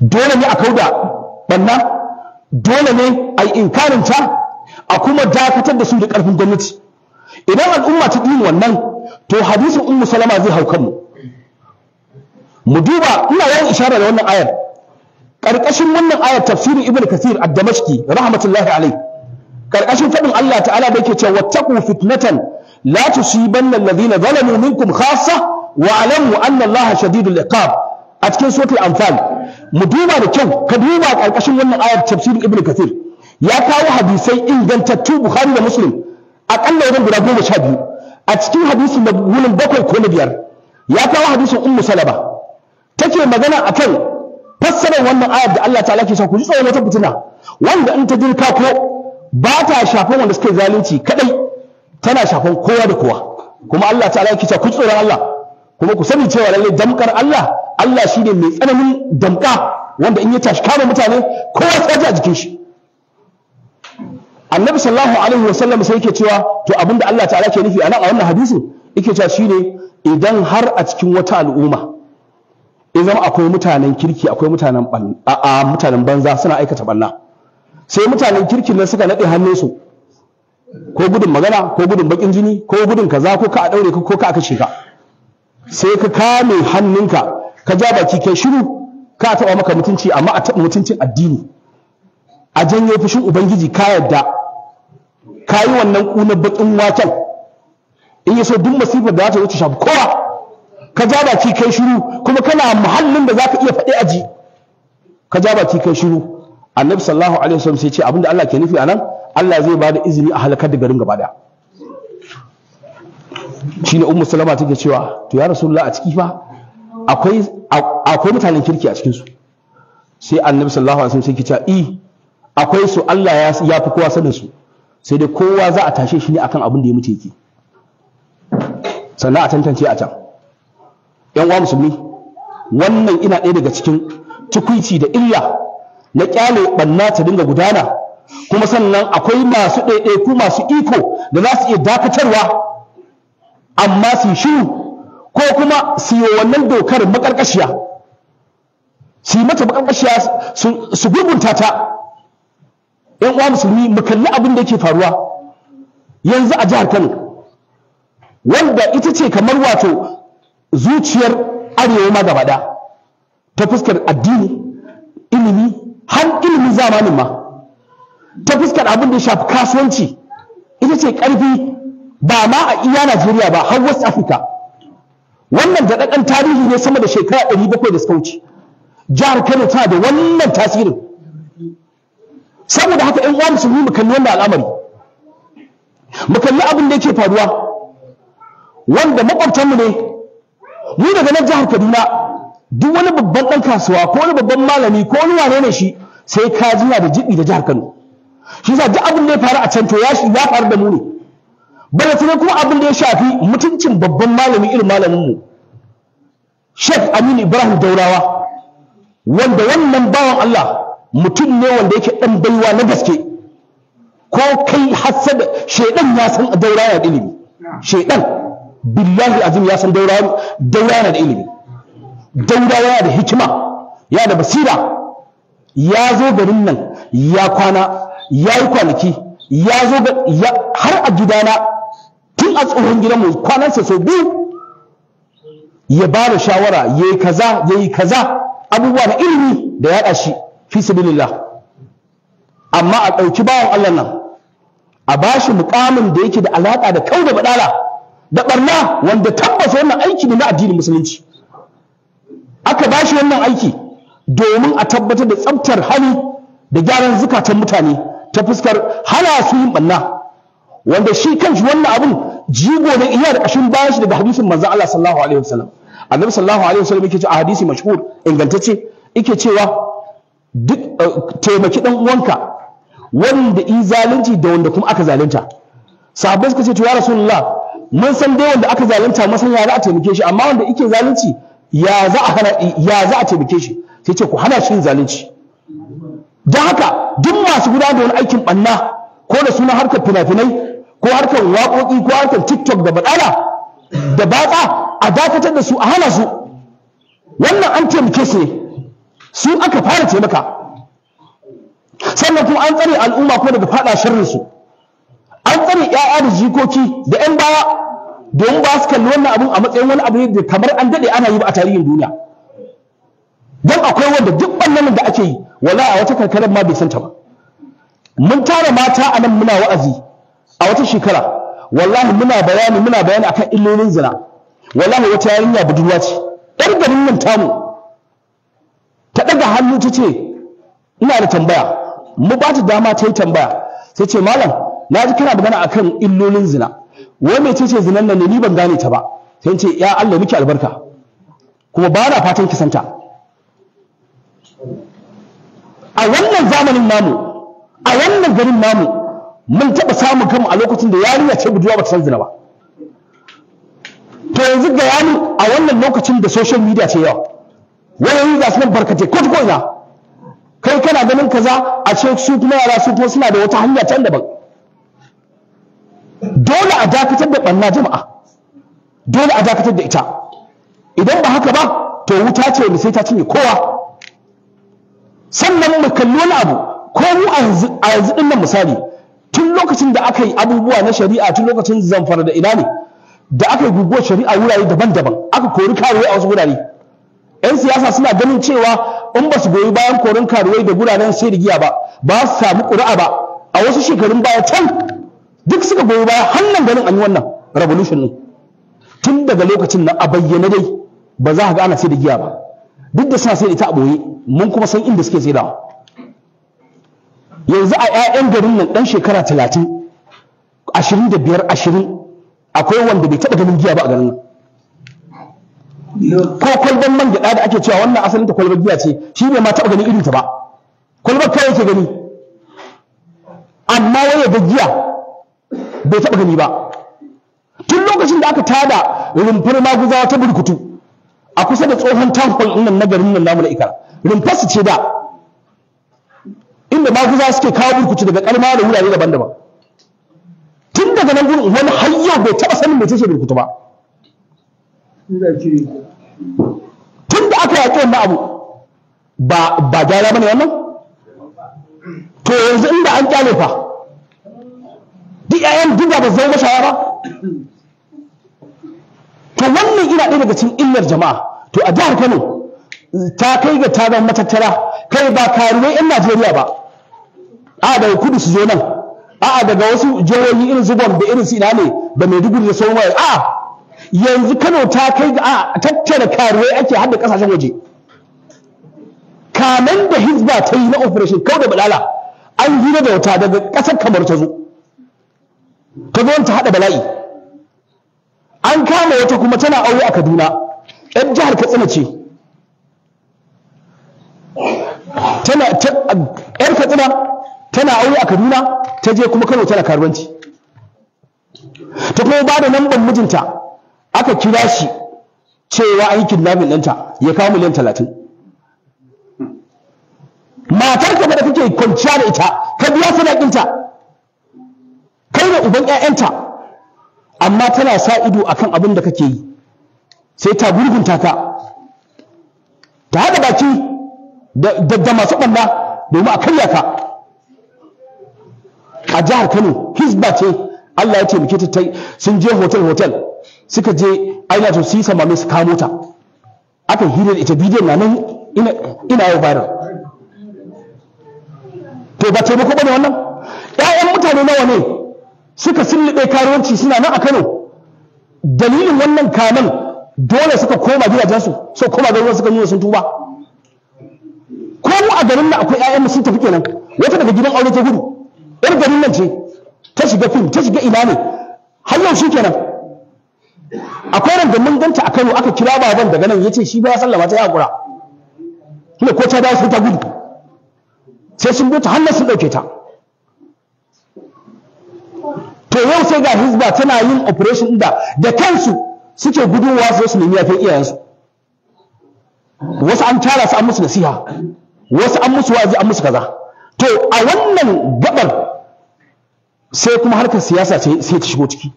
dole ne a kauda banna dole ne a yi inkarin ta a kuma dakatar da su da karfin gwamnati idan al'umma ta ɗin wannan to hadisin ummu salama zai hau kanmu mu duba ina yawan ishara da wannan ayar ƙarƙashin wannan ayar tafsirin ibnu kathir ad-damashqi rahmatullahi alayh ƙarƙashin faɗin Allah ta'ala da yake cewa wattaqu fitnatan la tusibanna alladhina zalamu minkum khassa wa alamu anna Allah shadidul iqab a cikin suratul anfal mu duba da kyau ka duba ƙarƙashin wannan ayar tafsir ibnu kathir ya kawo hadisai ingantattu bukhari da muslim aƙalla wajen guda goma sha biyu a cikin hadisin da wurin bakwai ko na biyar ya kawo hadisin ummu salaba take magana akan fassarar wannan ayar da Allah ta'ala ke sa ku ji tsaye wata fitina wanda in ta dirka ko ba ta shafan wanda suke zalunci kadai tana shafan kowa da kowa kuma Allah ta'ala ke sa ku tsoron Allah kuma ku sani cewa lallai damkar Allah Allah shi ne mai tsananin damka wanda in ya tashi kama mutane kowa sai a jikin shi annabi sallallahu alaihi wasallam sai yake cewa to abinda Allah ta'ala ke nufi a nan a wannan hadisi yake cewa shine idan har a cikin wata al'umma idan akwai mutanen kirki akwai mutanen a mutanen banza suna aikata banna sai mutanen kirkin nan suka nade hannunsu ko gudun magana ko gudun bakin jini ko gudun kaza ko ka a daure ka ko ka a kashe ka sai ka kame hannunka ka ja baki kai shiru ka taba maka mutunci amma a taɓa mutuncin addini a janyo fushin ubangiji ka yadda ka yi wannan ƙunar baƙin watan. in ya so duk masifar da za ta wuce shafi kowa ka ja baki kai shiru kuma kana muhallin da za ka iya faɗi aji ka ja baki kai shiru annabi sallallahu alaihi wasallam sai ce abinda Allah ke nufi anan Allah zai bada izini a halakar da garin gaba daya shine ummu salama take cewa to ya rasulullah a ciki fa akwai mutanen kirki a cikinsu? sai annabi sallallahu alaihi wasallam sai ke eh, akwai su Allah ya ya fi kowa sanin su sai dai kowa za a tashe shi ne akan abin da ya mutu yake sannan a tantance a can yan uwa musulmi wannan ina ɗaya daga cikin tukuici da illa na kyale banna ta dinga gudana kuma sannan akwai masu ɗaiɗaiku masu iko da za su iya dakatarwa amma su shiru ko kuma su yi wannan dokar makarkashiya su yi mata makarkashiya su gurgunta ta yan uwa musulmi mu kalli abin da yake faruwa yanzu a jihar Kano wanda ita ce kamar wato zuciyar arewa ma gaba ta fuskar addini ilimi har ilimin zamanin ma ta fuskar abin da ya shafi kasuwanci ita ce ƙarfi ba ma a iya Najeriya ba har West Africa wannan daɗaɗɗen tarihi ne sama da shekara ɗari bakwai da suka wuce jihar Kano tana da wannan tasirin saboda haka yan uwa musulmi mu kalli wannan al'amari mu kalli abin da yake faruwa wanda makwabtanmu ne mu daga nan jihar Kaduna duk wani babban ɗan kasuwa ko wani babban malami ko wani wane ne shi sai ka jira da jibi da jihar Kano shi yasa duk abin da ya faru a can to ya faru da mu ne bala tunan kuma abin da ya shafi mutuncin babban malami irin malamin mu Sheikh Aminu Ibrahim Daurawa wanda wannan bawan Allah mutum ne wanda yake dan baiwa na gaske ko kai hasada shedan ya san daurawa da ilimi shedan billahi azim ya san daurawa daurawa da ilimi daurawa da hikima ya da basira ya zo garin nan ya kwana ya yi kwanaki ya zo har a gidana duk a tsohon gidanmu kwanansa sau biyu ya ba da shawara ya yi kaza ya yi kaza abubuwa na ilimi da yaɗa shi fi sabilillah amma a ɗauki bawan Allah nan a ba shi mukamin da yake da alaƙa da kau da baɗala da ɓarna wanda tabbas wannan aiki ne na addinin musulunci aka ba shi wannan aiki domin a tabbatar da tsabtar hali da gyaran zukatan mutane ta fuskar hana su yin ɓanna wanda shi kanshi wannan abun jigo ne iya da kashin bayan shi daga hadisin manzo Allah sallallahu alaihi wasallam annabi sallallahu alaihi wasallam yake cewa a hadisi mashhur ingantacce yake cewa duk eh, taimaki dan uwanka wanda i zalunci da wanda kuma aka zalunta sahabbai suka ce to ya rasulullah mun san dai wanda aka zalunta mun san ya za a taimake shi amma wanda yake zalunci ya za a hana ya za a taimake shi sai ce ku hana shi zalunci don haka duk masu gudanar da wani aikin banna ko da sunan harkar fina-finai ko harkar waƙoƙi ko harkar tiktok da baɗala da batsa a dakatar da su a hana su wannan an taimake su su aka fara taimaka sannan kuma an tsare al'umma ko daga faɗa shirin su an tsare 'ya'ya da jikoki da 'yan baya domin ba su kalli wannan abun a matsayin wani abu ne da kamar an daɗe ana yi ba a tarihin duniya don akwai wanda duk ɓannan da ake yi wala a wata karkarar ma bai santa ba mun tara mata a nan muna wa'azi a wata shekara wallahi muna bayani muna bayani akan illolin zina wallahi wata yarinya budurwa ce ɗan garin nan tamu ta ɗaga hannu ta ce ina da tambaya mu ba ta dama ta yi tambaya sai ce malam na ji kana magana akan illolin zina wai mai ce zinan nan ne ni ban gane ta ba sai ce ya Allah miki albarka kuma ba na fatan ki santa a wannan zamanin namu a wannan garin namu mun taɓa samun kanmu a lokacin da yarinya ce budurwa ba ta san ba to yanzu ga a wannan lokacin da social media ce yawa wayoyi za su nan barkace ko ta ina kai kana ganin kaza a ce su kuma yara su kuma suna da wata hanya can daban dole a dakatar da ɓanna jama'a dole a dakatar da ita idan ba haka ba to wuta ce wanda sai ta cinye kowa sannan mu kalli wani abu ko mu a yanzu ɗin nan misali tun lokacin da aka yi abubuwa na shari'a tun lokacin zamfara da ina ne da aka yi guguwar shari'a wurare daban-daban aka kori karuwai a wasu wurare 'yan siyasa suna ganin cewa in ba su goyi bayan korin karuwai da guraren sai giya ba ba su samu ƙuri'a ba a wasu shekarun baya can duk suka goyi baya hannun ganin an yi wannan revolution ne tun daga lokacin nan a bayyane dai ba za ka ga ana sai da giya ba duk da suna sai da ita a ɓoye mun kuma san inda suke saidawa yanzu a 'ya'yan garin nan ɗan shekara talatin ashirin da biyar ashirin akwai wanda bai taɓa ganin giya ba a garin nan ko kwalban man gyaɗa da ake cewa wannan asalin ta kwalbar giya ce shi bai ma taɓa ganin irin ta ba kwalbar kawai ke gani amma waya ga giya bai taɓa gani ba tun lokacin da aka tada rumfar maguzawa ta burkutu a kusa da tsohon tankon nan na garin nan namu da ikara rumfar su ce da inda su suke kawo burkuci daga kalma da wurare daban-daban tun daga nan gudu wani hanyar bai taɓa sanin mai ce burkutu ba tun da aka yaƙi wannan abu ba ba gyara bane wannan to yanzu inda an kyale fa duk ƴaƴan duk ba zama shaya ba to wannan ina ɗaya daga cikin illar jama'a to a jihar Kano ta kai ga ta zama matattara kai ba karuwai 'yan Najeriya ba a daga kudu su zo nan a daga wasu jihohi irin su Gombe irin su ne da Maiduguri da sauran waye a yanzu Kano ta kai ga tattara karuwai ake hada kasashen waje kanan da Hizba ta yi na operation kau da balala an hira da wata daga kasar kamar ta zo ta zo ta hada bala'i an kama wata kuma tana aure a Kaduna 'yan jihar Katsina ce tana yar katsina tana aure a kaduna ta je kuma kano tana karuwanci ta kuma ba da lambar mijinta aka kira shi cewa aikin yi ɗanta ɗinta ya kawo miliyan talatin matarka da kake kwanciya da ita ka biya sadakinta kai da uban 'ya'yanta amma tana sa ido akan abin da kake yi sai ta gurgunta ka ta haɗa baki da masu ɓalla domin a karya ka a jihar kano hisba ce allah ya ce muke tattai sun je hotel hotel suka je aina to su yi samame su kamo ta aka hira da ita bidiyon na nan ina yau viral to ba taimako ba ne wannan ƴaƴan mutane nawa ne suka sulluɓe karuwanci suna nan a kano dalilin wannan kanan dole suka koma gidajensu suka koma garuruwan suka nuna sun tuba ko mu a garin nan akwai ƴaƴan sun tafi kenan wata daga gidan aure ta gudu yar garin nan ce ta shiga fim ta shiga ina ne har yau shi kenan akwai ran da mun ganta a Kano aka kira baban daga nan yace shi ba ya sallama ta ya hakura kuma ko ta dawo sai ta gudu sai sun bota hannun sun dauke ta to yau sai ga hizba tana yin operation inda da kansu suke guduwa su su nemi yafin iyayensu wasu an tara su an musu nasiha wasu an musu wa'azi an musu kaza to a wannan gabar sai kuma harkar siyasa sai ta shigo ciki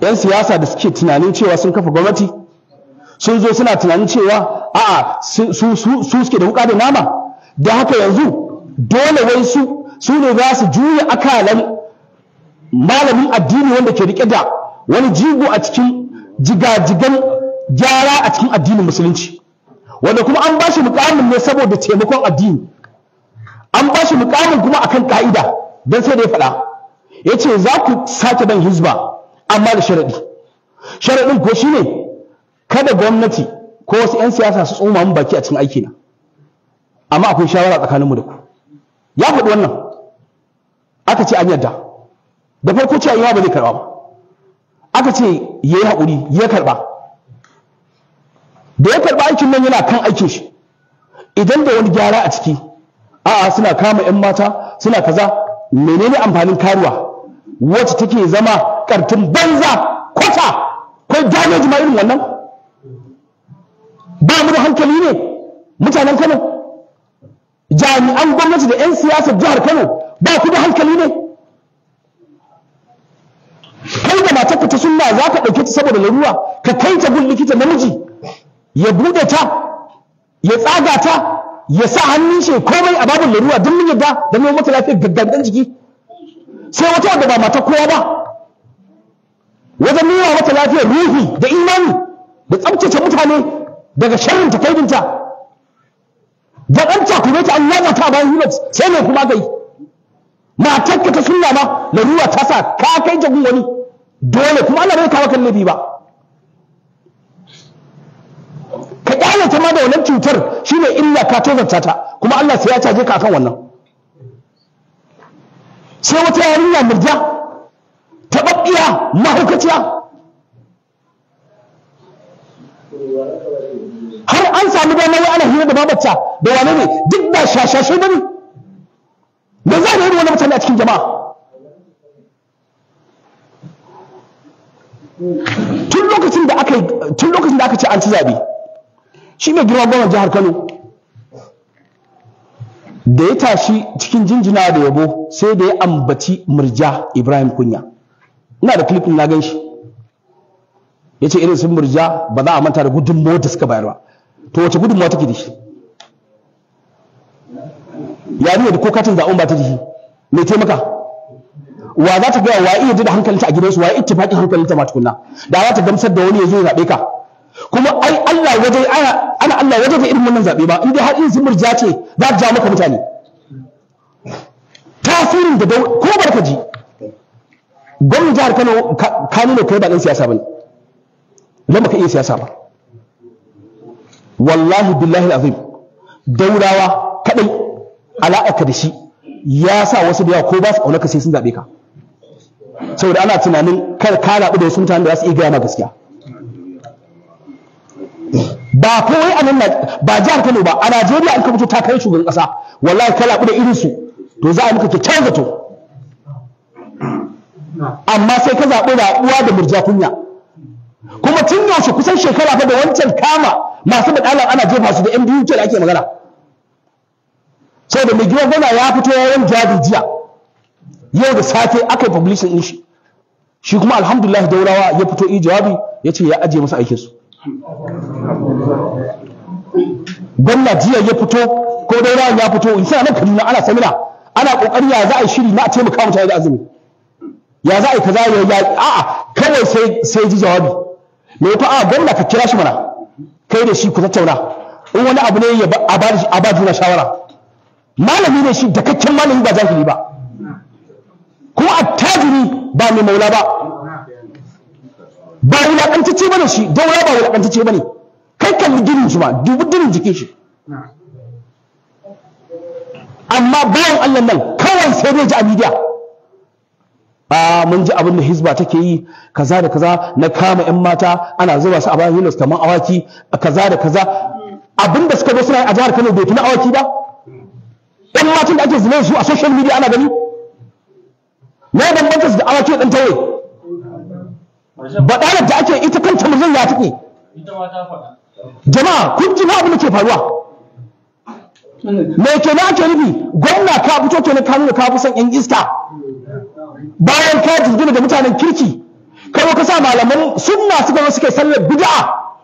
yan siyasa da suke tunanin cewa sun kafa gwamnati sun zo suna tunanin cewa a'a su suke da wuka da nama da haka yanzu dole wai su su ne za su juya akalan malamin addini wanda ke rike da wani jigo a cikin jigajigan gyara a cikin addinin musulunci wanda kuma an ba shi mukamin ne saboda taimakon addini an bashi mukamin kuma akan ka'ida don sai da ya faɗa yace za ku sake ban hizba amma da sharaɗi. Sharaɗin ko shine kada gwamnati ko wasu 'yan siyasa su tsoma mun baki a cikin aiki na amma akwai shawara tsakaninmu da ku ya faɗi wannan aka ce an yarda da farko ce ayyuwa ba zai karɓa ba aka ce yayi haƙuri ya karɓa da ya karɓi aikin nan yana kan aikin shi idan da wani gyara a ciki a'a suna kama 'yan mata suna kaza menene amfanin karuwa wacce take zama kartin banza kwata kai dame jima irin wannan ba mu da hankali ne mutanen kano jami'an gwamnati da 'yan siyasar jihar kano ba ku da hankali ne kai da mata ta sunna za ka ɗauke ta saboda laruwa ka kai ta gun likita namiji ya bude ta ya tsaga ta ya sa hannun shi komai a babin laruwa duk mun yadda da mai mata lafiya gaggangan jiki sai wata wadda ba mata kowa ba wajen nuna mata lafiya ruhi da imani da tsabtace mutane daga sharrin takaidinta da ɗan takume ta an latsa ta bayan himat sai mai kuma gai matarka ta sunna ma laruwa ta sa ka kai ta wani dole kuma Allah bai kawo kan Nabi ba ma da wannan cutar shine illa ka tozarta ta kuma Allah sai ya caje ka akan wannan sai wata yarinya murja tababbiya mahaukaciya har an samu da wai ana hira da babacca da wane ne duk ba shashashe ba ne da za a yi wani mutane a cikin jama'a tun lokacin da aka ce an ci zabe shi ne girma gwamnan jihar kano da ya tashi cikin jinjina da yabo sai da ya ambaci murja ibrahim kunya ina da clip na gan shi ya ce irin sun murja ba za a manta da gudunmawar da suka bayar ba to wace gudunmawa take da shi Ya ne da ko katin zaɓen ba ta da Me mai taimaka wa za ta gaya wa iya da hankalinta a gidansu wa ittifaqin hankalinta ma tukunna da za ta gamsar da wani ya zo ya zaɓe ka kuma ai Allah waje ana Allah waje da irin wannan zabe ba in dai har in murja ce za ta ja maka mutane tasirin da ko barka ji gwamnatin jihar Kano ka nuna kai ba dan siyasa bane dan baka iya siyasa ba wallahi billahi azim daurawa kadai ala'aka da shi ya sa wasu da yawa ko ba su ka sai sun zabe ka saboda ana tunanin kar ka rabu da wasu mutanen da za su iya gaya ma gaskiya ba kowai a nan ba jihar Kano ba a Najeriya an kabuto ta kai shugaban kasa wallahi kala ku da irin su to za a muka ke canza to amma sai ka da uwa da murja kunya kuma tun yaushe kusan shekara fa da wancan kama masu budalar ana jefa su da yan biyu da ake magana Sai da mai gidan gona ya fito ya yi jabi jiya yau da safe aka yi publishing din shi shi kuma alhamdulillah daurawa ya fito yi jawabi ya ce ya ajiye masa su. gwamna jiya ya fito ko dai ya fito in sa nan kaduna ana samina ana kokari ya za a shiri na a taimaka mutane da azumi ya za a kaza ya ya a'a kawai sai sai ji jawabi me ko a gwamna ka kira shi mana kai da shi ku tattauna in wani abu ne ya a ba juna shawara malami ne shi da kakken malami ba jahili ba kuma attajiri ba mai maula ba ba ba ne shi daura ba ba ne kai kalli ginin shi ba, dubi ginin jikin shi amma bayan Allah nan kawai sai dai ji a midiya. a mun ji abin da hizba take yi kaza da kaza na kama yan mata ana zuba su a bayan hilas kamar awaki kaza da kaza abin da suka zo suna a jihar Kano bai tuna awaki ba yan matan da ake zinar su a social media ana gani na bambanta su da awaki da ɗan tawaye baɗalar da ake ita kanta murzan ya take jama'a kun ji abin da ke faruwa me ke na ake nufi gwamna ka fito kenan na nuna ka fi son yan iska bayan ka jirgin da mutanen kirki kawo ka sa malaman sunna suka zo suke sallar bid'a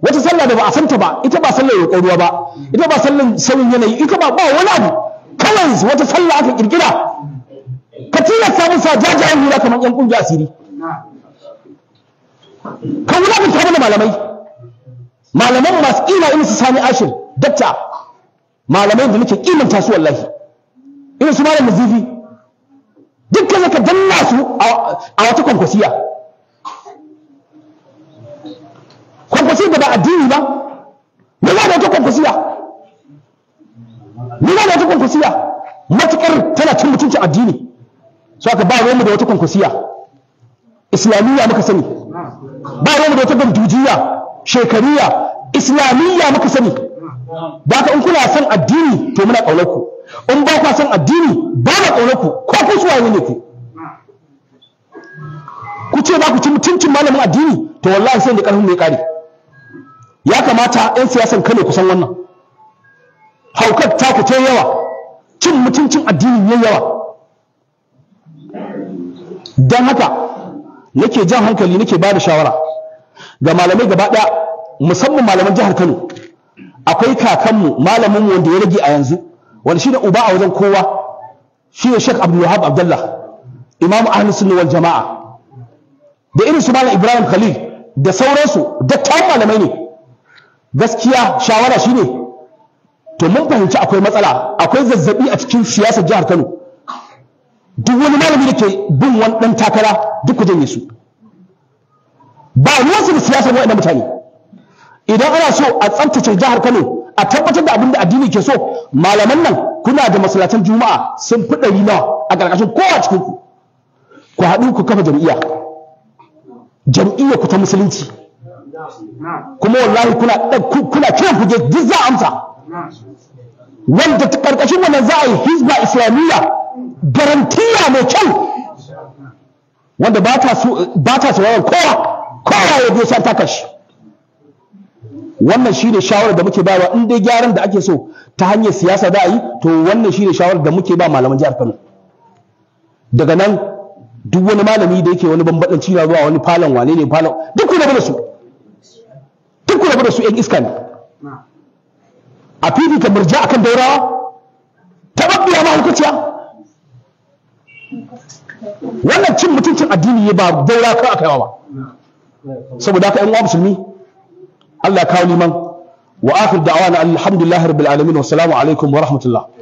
wata sallah da ba a santa ba ita ba sallar roƙon ruwa ba ita ba sallar sauyin yanayi ita ba ba wani abu kawai wata sallah aka kirkira ka tilasta musa jajayen hula kamar yan ƙungiyar asiri ka wulakanta da malamai malaman masu kima irin su sani ashir dakta malamai da muke kimanta su wallahi irin su malam nazifi dukkan zaka danna su a wata kwankwasiya kwankwasiyar da ba addini ba Ni ba da wata kwankwasiya me ba da wata kwankwasiya matukar tana cin mutuncin addini so aka ba wani da wata kwankwasiya islamiyya muka sani ba ruwanmu da wata gandujiya shekariya islamiyya muka sani da ka in kuna son addini to muna ƙaunar ku in ba ka son addini ba na ƙaunar ku ko ku suwaye ne ku ku ce ba ku ci mutuncin malamin addini to wallahi sai da ƙarfin mai ƙare ya kamata 'yan siyasan kano kusan wannan haukar ta ta yawa cin mutuncin addini ya yawa dan haka nake jan hankali nake ba da shawara ga malamai gaba ɗaya musamman malaman jihar Kano akwai kakanmu malaminmu wanda ya rage a yanzu wanda shi da uba a wajen kowa shi ne Sheikh Abdul Wahab Abdullah Imam Ahlus Sunna wal Jama'a da irin su Malam Ibrahim Khalil da sauransu dattawan malamai ne gaskiya shawara shi ne. to mun fahimci akwai matsala akwai zazzabi a cikin siyasar jihar Kano duk wani malami da ke bin wani ɗan takara duk ku janye su ba ruwansu da siyasar waɗannan mutane idan ana so a tsantace jihar kano a tabbatar da abin da addini ke so malaman nan kuna da masalatan juma'a sun fi ɗari nawa a ƙarƙashin kowa cikin ku ku haɗu ku kafa jam'iyya jam'iyya ku ta musulunci kuma wallahi kuna kuna kiran ku duk za amsa wanda ƙarƙashin wannan za a yi hizba islamiyya garantiya mai kyau wanda ba ta sauraron kowa kowa ya biyo shan takashi wannan shi ne shawarar da muke bawa in dai gyaran da ake so ta hanyar siyasa da a yi to wannan shi ne shawarar da muke ba malaman jihar kano daga nan duk wani malami da yake wani bambaɗin cina zuwa wani falon wane ne falon duk ku rabu da su duk ku rabu da su yan iska ne a fifita murja akan daurawa tababbiya ma hukuciya wannan cin mutuncin addini ne ba daura ka aka yawa ba saboda haka yan uwa musulmi Allah ya kawo liman wa akhir da'wana alhamdulillahi rabbil alamin wa salamu alaikum wa rahmatullah